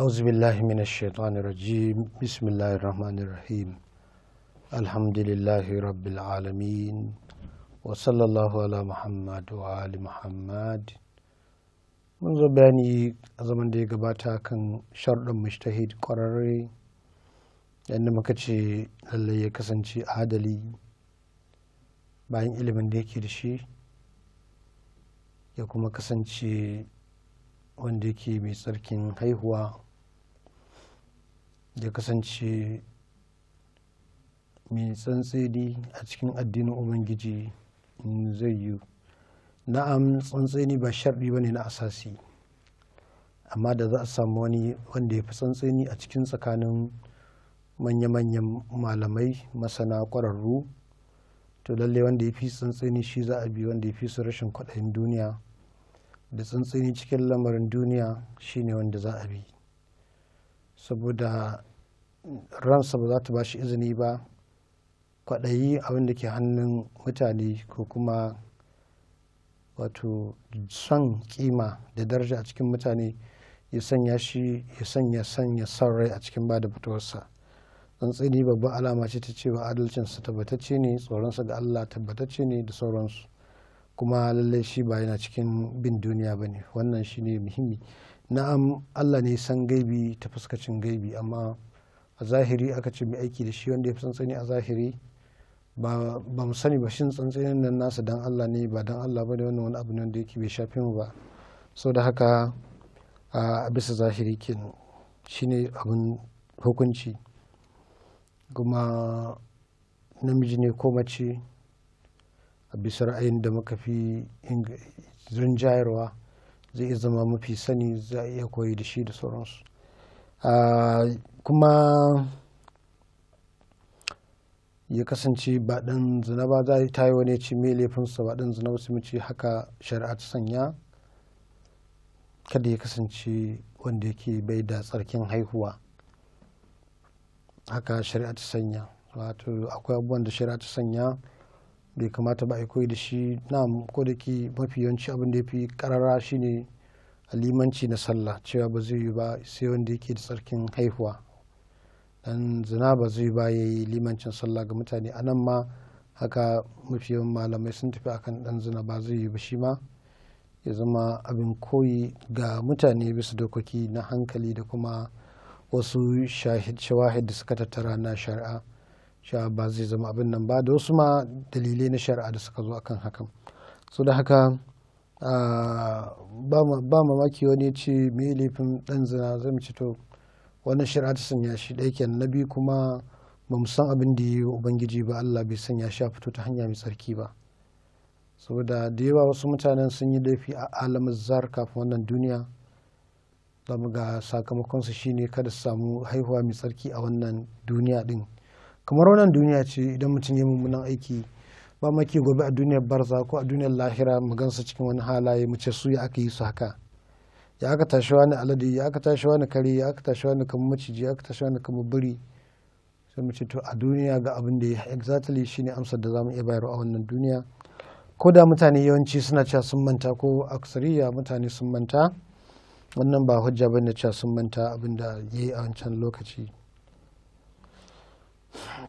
أعوذ mina من الشيطان الرجيم بسم الله الرحمن الرحيم الحمد لله رب العالمين وصلى الله على محمد وآل mun zo bani a zaman da ya gabata kan sharɗin mushtahid ƙwararre yadda muka ce lallai ya kasance adali bayan ilimin da yake da shi ya kuma kasance wanda yake mai tsarkin haihuwa ya kasance mai tsantseni a cikin addinin ubangiji zai yi na'am tsantseni ba sharɗi ba ne na asasi amma da za a samu wani wanda ya fi tsantseni a cikin tsakanin manya-manyan malamai masana ƙwararru to lallai wanda ya fi tsantseni shi za a bi wanda ya fi su rashin kwaɗayin duniya da tsantseni cikin lamarin duniya shine wanda za a bi saboda ransa ba za ta ba shi izini ba kwaɗayi abin da ke hannun mutane ko kuma wato son kima da daraja a cikin mutane ya sanya shi ya sanya sanya son rai a cikin ba da fitowarsa tsantsini babban alama ce ta cewa adalcinsa tabbatacce ne tsoronsa ga allah tabbatacce ne da sauransu kuma lallai shi ba yana cikin bin duniya ba ne wannan shi ne muhimmi na'am Allah ne san gaibi ta fuskacin gaibi amma a zahiri aka ce mai aiki da shi wanda ya fi tsantsani a zahiri ba mu sani ba shin tsantsanin nan nasa dan Allah ne ba dan Allah ba ne wannan wani abu ne wanda yake bai shafe mu ba sau da haka a bisa zahiri ke shi ne abin hukunci kuma namiji ne ko mace a bisa ra'ayin da muka fi rinjayarwa zai iya zama mafi sani za a iya koyi da shi da sauransu kuma ya kasance ba ɗan zina ba za ta yi wani ci mai laifinsa ba ɗan zina wasu mace haka shari'a ta sanya kada ya kasance wanda yake bai da tsarkin haihuwa haka shari'a ta sanya wato akwai abubuwan da shari'a ta sanya bai kamata ba a koyi da shi na ko da ke mafi yawanci abin da ya fi karara shine limanci na sallah cewa ba zai yi ba sai wanda yake da tsarkin haihuwa dan zina ba zai ba ya yi limancin sallah ga mutane anan ma haka mafi yawan malamai sun tafi akan dan zina ba zai yi ba shi ma ya zama abin koyi ga mutane bisa dokoki na hankali da kuma wasu shawahid da suka tattara na shari'a sha ba zai zama abin nan ba da wasu ma dalilai na shari'a da suka zo akan hakan so da haka ba mamaki wani ce me laifin ɗan zina zai mace to wannan shari'a ta sanya shi ɗaya kenan na biyu kuma ba mu san abin da ya yi ubangiji ba Allah bai sanya shi a fito ta hanya mai tsarki ba saboda da yawa wasu mutanen sun yi laifi a alamar zar kafin wannan duniya zamu ga sakamakonsu shine kada su samu haihuwa mai tsarki a wannan duniya din kamar wannan duniya ce idan mutum ya mummunan aiki ba maki gobe a duniyar barza ko a duniyar lahira mu gansa cikin wani halaye mu ce su ya aka yi su haka ya aka tashi wani alade ya aka tashi wani kare ya aka tashi wani kamar maciji ya aka tashi wani kamar biri sai mu ce to a duniya ga abin da ya exactly shine amsar da za mu iya bayarwa a wannan duniya ko da mutane yawanci suna cewa sun manta ko aksariya mutane sun manta wannan ba hujja bane cewa sun manta abin da ya yi a wancan lokaci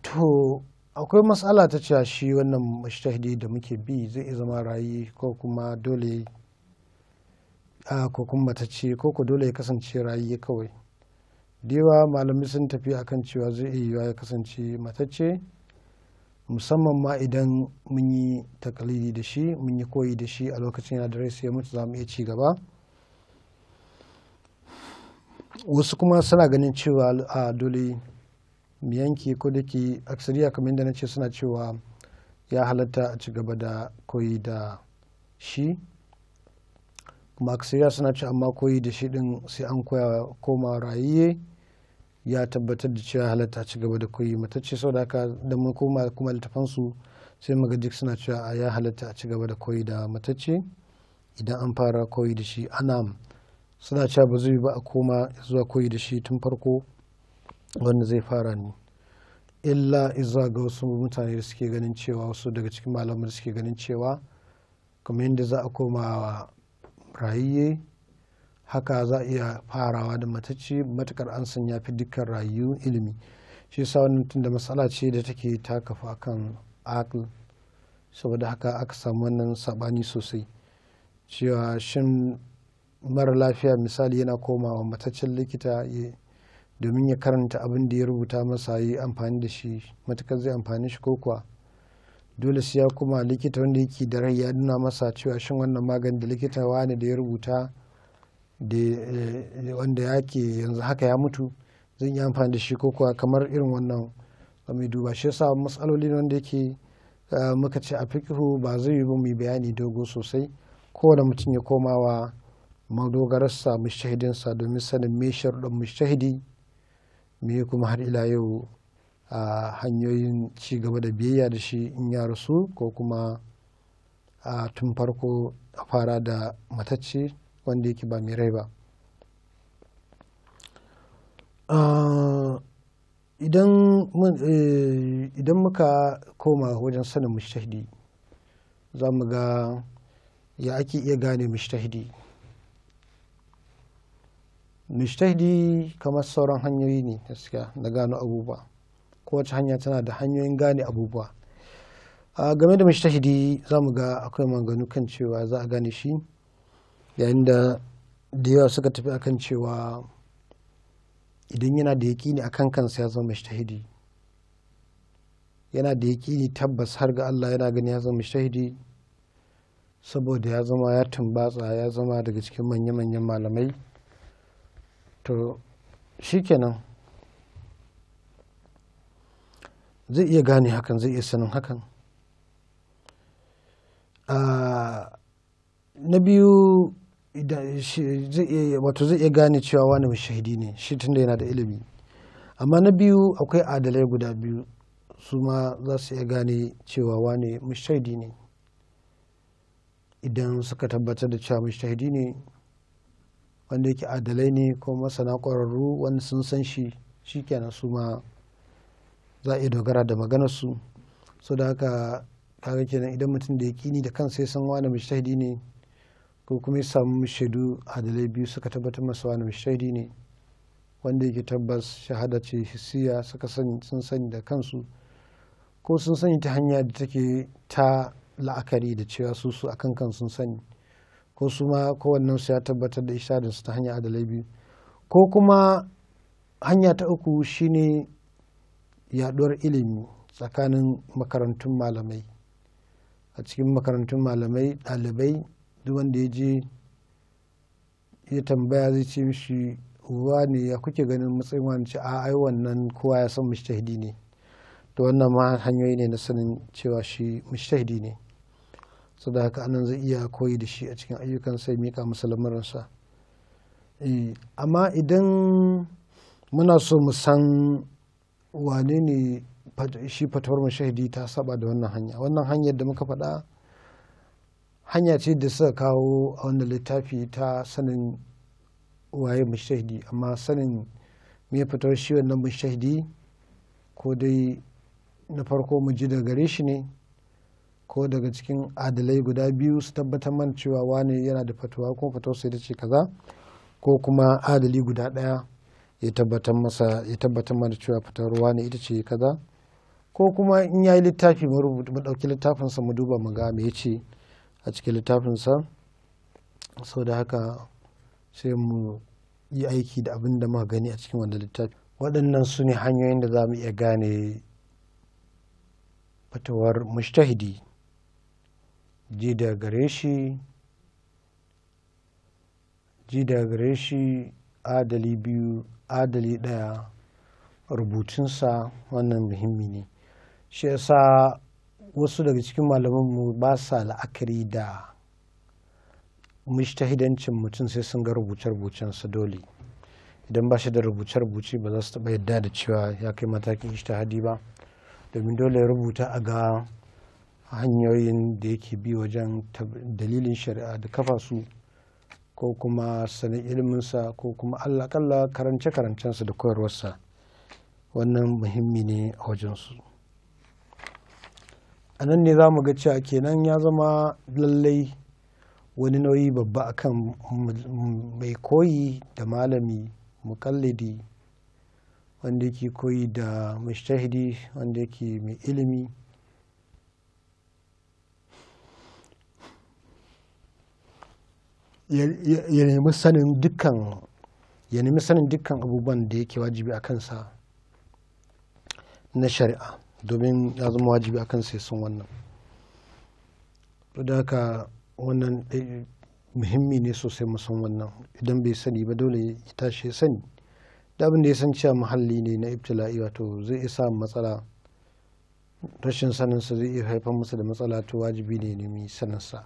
to akwai matsala ta cewa shi wannan mashtahidi da muke bi zai iya zama rayi ko kuma dole a kuma matacce ko ku dole ya kasance rayi kawai dewa malamai sun tafi akan cewa zai iya yiwa ya kasance matacce musamman ma idan mun yi takalidi da shi mun yi koyi da shi a lokacin yana da rai sai mutu za mu iya ci gaba wasu kuma suna ganin cewa a dole mu yanke ko da ke aksariya kamar yadda na ce suna cewa ya halatta a ci gaba da koyi da shi kuma aksariya suna ce amma koyi da shi din sai an koya koma rayiye ya tabbatar da cewa halatta a ci gaba da koyi ce sau da da mun koma kuma littafansu sai muga duk suna cewa a ya halatta a ci gaba da koyi da matacce idan an fara koyi da shi ana suna cewa ba zai ba a koma zuwa koyi da shi tun farko wanda zai fara ni illa izuwa ga wasu mutane da suke ganin cewa wasu daga cikin malamai suke ganin cewa kuma yadda za a koma rayuye haka za a iya farawa da matacci matukar an san ya fi dukkan rayu ilimi shi yasa wannan tunda matsala ce da take taka akan akl saboda haka aka samu wannan sabani sosai cewa shin mara lafiya misali yana komawa mataccen likita domin ya karanta abin da ya rubuta masa yi amfani da shi matukar zai amfani shi ko kuwa dole sai ya kuma likita wanda yake da rai ya nuna masa cewa shin wannan magani da likita wani da ya rubuta da eh, wanda yake yanzu haka ya mutu zan yi amfani da shi ko kuwa kamar irin wannan mai duba shi yasa matsaloli wanda yake eh, muka ce a fikihu ba zai yi ba mu bayani dogo sosai kowane mutum ya komawa madogararsa mushahidinsa domin sanin me sharuɗin mushahidi me kuma har ila yau a hanyoyin ci gaba da biyayya da shi in ya rasu ko kuma a tun farko a fara da matacce wanda yake ba mai rai ba e, idan muka koma wajen sanin mushtahidi za mu ga ya ake iya gane mushtahidi mujtahidi kamar sauran hanyoyi ne gaskiya na gano abubuwa kowace hanya tana da hanyoyin gane abubuwa a game da mujtahidi za mu ga akwai manganu kan cewa za a gane shi yayin da da yawa suka tafi akan cewa idan yana da ne akan kansa ya zama mujtahidi yana da ne tabbas har ga Allah yana gani ya zama mujtahidi saboda ya zama ya tumbatsa ya zama daga cikin manya-manyan malamai to shikenan zai iya gane hakan zai iya sanin hakan ah, na biyu wato zai iya gane cewa wani mashahidi ne shi da yana da ilimi amma na biyu akwai adalai guda biyu su ma za su iya gane cewa wani mashahidi ne idan suka tabbatar da cewa mashahidi ne wanda yake adalai ne ko masana ƙwararru wanda sun san shi shi kenan su ma za a iya dogara da maganar su so da haka kaga kenan idan mutum da ya kini da kansa ya san wani mujtahidi ne ko kuma ya samu shaidu adalai biyu suka tabbatar masa wani mujtahidi ne wanda yake tabbas shahada ce hisiya suka sani sun sani da kansu ko sun sani ta hanya da take ta la'akari da cewa su su akan kan sun sani ko su ma kowannen su ya tabbatar da ishadin su ta hanya adalai biyu ko kuma hanya ta uku shine yaduwar ilimi tsakanin makarantun malamai a cikin makarantun malamai ɗalibai duk wanda ya je ya tambaya zai ce mishi uwa ne ya kuke ganin matsayin wani ce a ai wannan kowa ya san mushtahidi ne to wannan ma hanyoyi ne na sanin cewa shi mushtahidi ne saboda haka anan zai iya koyi da shi a cikin ayyukan sai mika masa lamarinsa eh, amma idan muna so mu san wane ne shi fatawar mashahidi ta saba da wannan hanya wannan hanyar da muka faɗa hanya ce da suka kawo a wannan littafi ta sanin waye mashahidi amma sanin me fatawar shi wannan mashahidi ko dai na farko mu ji da gare shi ne ko daga cikin adalai guda biyu su tabbatar man cewa wani yana da fatuwa ko sai da ce kaza ko kuma adali guda ɗaya ya tabbatar masa ya tabbatar mana cewa fatuwar wani ita ce kaza ko kuma in ya yi littafi mu ɗauki littafinsa mu duba mu ga me yace ce a cikin littafinsa sau da haka sai mu yi aiki da abin da muka gani a cikin wanda littafi waɗannan su ne hanyoyin da za mu iya gane fatawar mushtahidi ji da gare shi ji da gare shi adali biyu adali ɗaya rubutunsa wannan muhimmi ne shi yasa wasu daga cikin malamanmu ba sa la'akari da mishtahidancin mutum sai sun ga rubuce-rubucensa dole idan ba shi da rubuce-rubuce ba za su taɓa yadda da cewa ya kai matakin ishtihadi ba domin dole rubuta a ga hanyoyin da yake bi wajen dalilin shari'a da kafa su ko kuma sanin iliminsa ko kuma allakalla karance-karancensa da koyarwarsa wannan muhimmi ne a wajensu a nan ne za mu ga cewa kenan ya zama lallai wani nauyi babba akan mai koyi da malami mukallidi wanda yake koyi da mashtahidi wanda yake mai ilimi ya nemi sanin dukkan ya nemi sanin dukkan abubuwan da yake wajibi a kansa na shari'a domin ya zama wajibi a kansa sun wannan da haka wannan eh, muhimmi ne sosai musan wannan idan bai sani ba dole ya tashi ya sani da abin da ya san cewa muhalli ne na ibtila'i wato zai iya samun matsala rashin saninsa zai iya haifar masa da matsala to wajibi ne nemi saninsa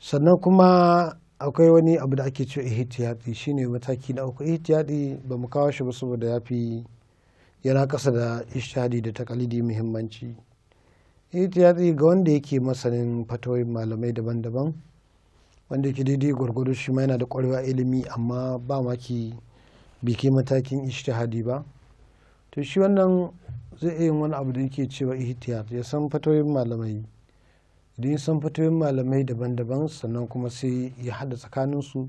sannan kuma akwai wani abu da ake cewa ihtiyati shine mataki na uku ihtiyati ba mu kawo shi ba saboda ya fi yana kasa da ishadi da takalidi muhimmanci ihtiyati ga wanda yake masanin fatoyin malamai daban-daban wanda yake daidai gwargwado shi ma yana da kwarewa ilimi amma ba maki ki kai matakin ishtihadi ba to shi wannan zai iya yin wani abu da yake cewa ihtiyat ya san fatoyin malamai sun fito fatoyin malamai daban-daban sannan kuma sai ya hada tsakanin su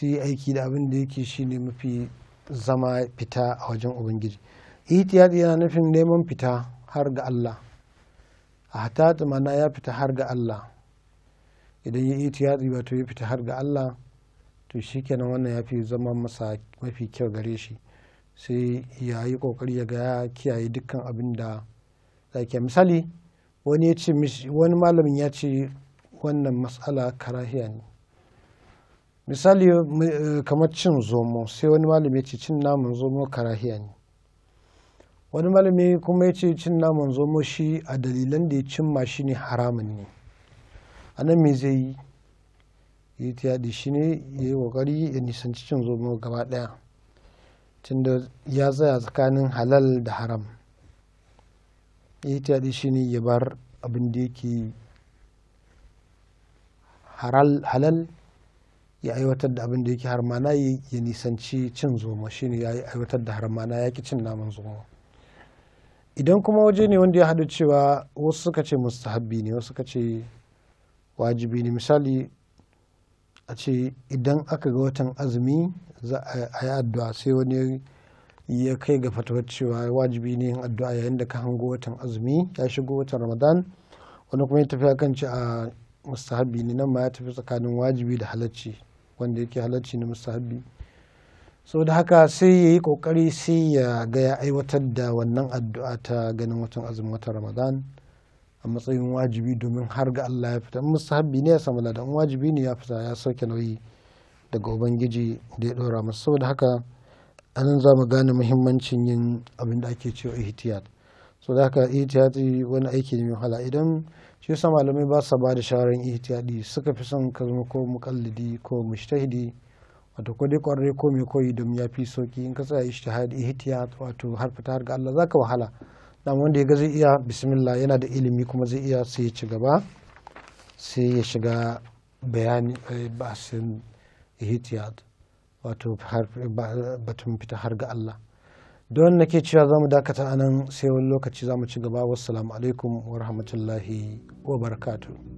yi aiki da abin da yake ne mafi zama fita a wajen ubangiji ihtiyati yana nufin neman fita har ga Allah a hatata mana ya fita har ga Allah idan ya ihtiyati wato ya fita har ga Allah to shikenan wannan ya fi zama masa mafi kyau gare shi sai ya yi kokari ya ga ya kiyaye dukkan abin da zai misali wani ya ce wani malamin ya ce wannan matsala karahiya ne misali eh, kamar cin zomo sai wani malami ya ce cin naman zomo karahiya ne wani malami kuma ya ce cin naman zomo shi a dalilan da ya cimma shi ne haramun ne a nan me zai yi yi ta yaɗi shi ne ya yi ƙoƙari ya nisanci cin zomo gaba ɗaya tunda ya tsaya tsakanin halal da haram shi shine ya bar abin da yake halal ya aiwatar da abin da yake harmana ya nisanci cin zoma ne ya aiwatar da harmana ya ki cin naman zoma idan kuma waje ne wanda ya haɗu cewa wasu suka ce mustahabbi ne wasu suka ce wajibi ne misali a ce idan aka ga watan azumi za a yi addu'a sai wani ya kai ga fatawar cewa wajibi ne yin addu'a yayin da ka hango watan azumi ya shigo watan ramadan wani kuma ya tafi akan ci a ah, mustahabi ne nan ma ya tafi tsakanin wajibi da halacci wanda yake halacci na mustahabi da haka sai ya yi kokari sai ya ga ya aiwatar da wannan addu'a ta ganin watan azumi watan ramadan a matsayin wajibi domin har ga Allah ya fita mustahabi ne ya samu ladan wajibi ne ya fita ya sauke nauyi daga ubangiji da ya dora sau da haka anan za mu gane muhimmancin yin abin da ake cewa ihtiyat so da haka ihtiyati wani aiki ne mai wahala idan shi yasa malamai ba sa ba da shawarar ihtiyadi suka fi son ka zama ko mukallidi ko mushtahidi wato ko dai kwarai ko mai koyi don ya fi sauki in ka tsaya ijtihad ihtiyat wato har fita har ga Allah za ka wahala dan wanda ya ga zai iya bismillah yana da ilimi kuma zai iya sai ya ci gaba sai ya shiga bayani eh, ba ihtiyat wato batun fita har ga Allah don nake cewa za mu dakata anan sai wani lokaci za mu ci gaba wasu alaikum wa rahmatullahi wa barakatuh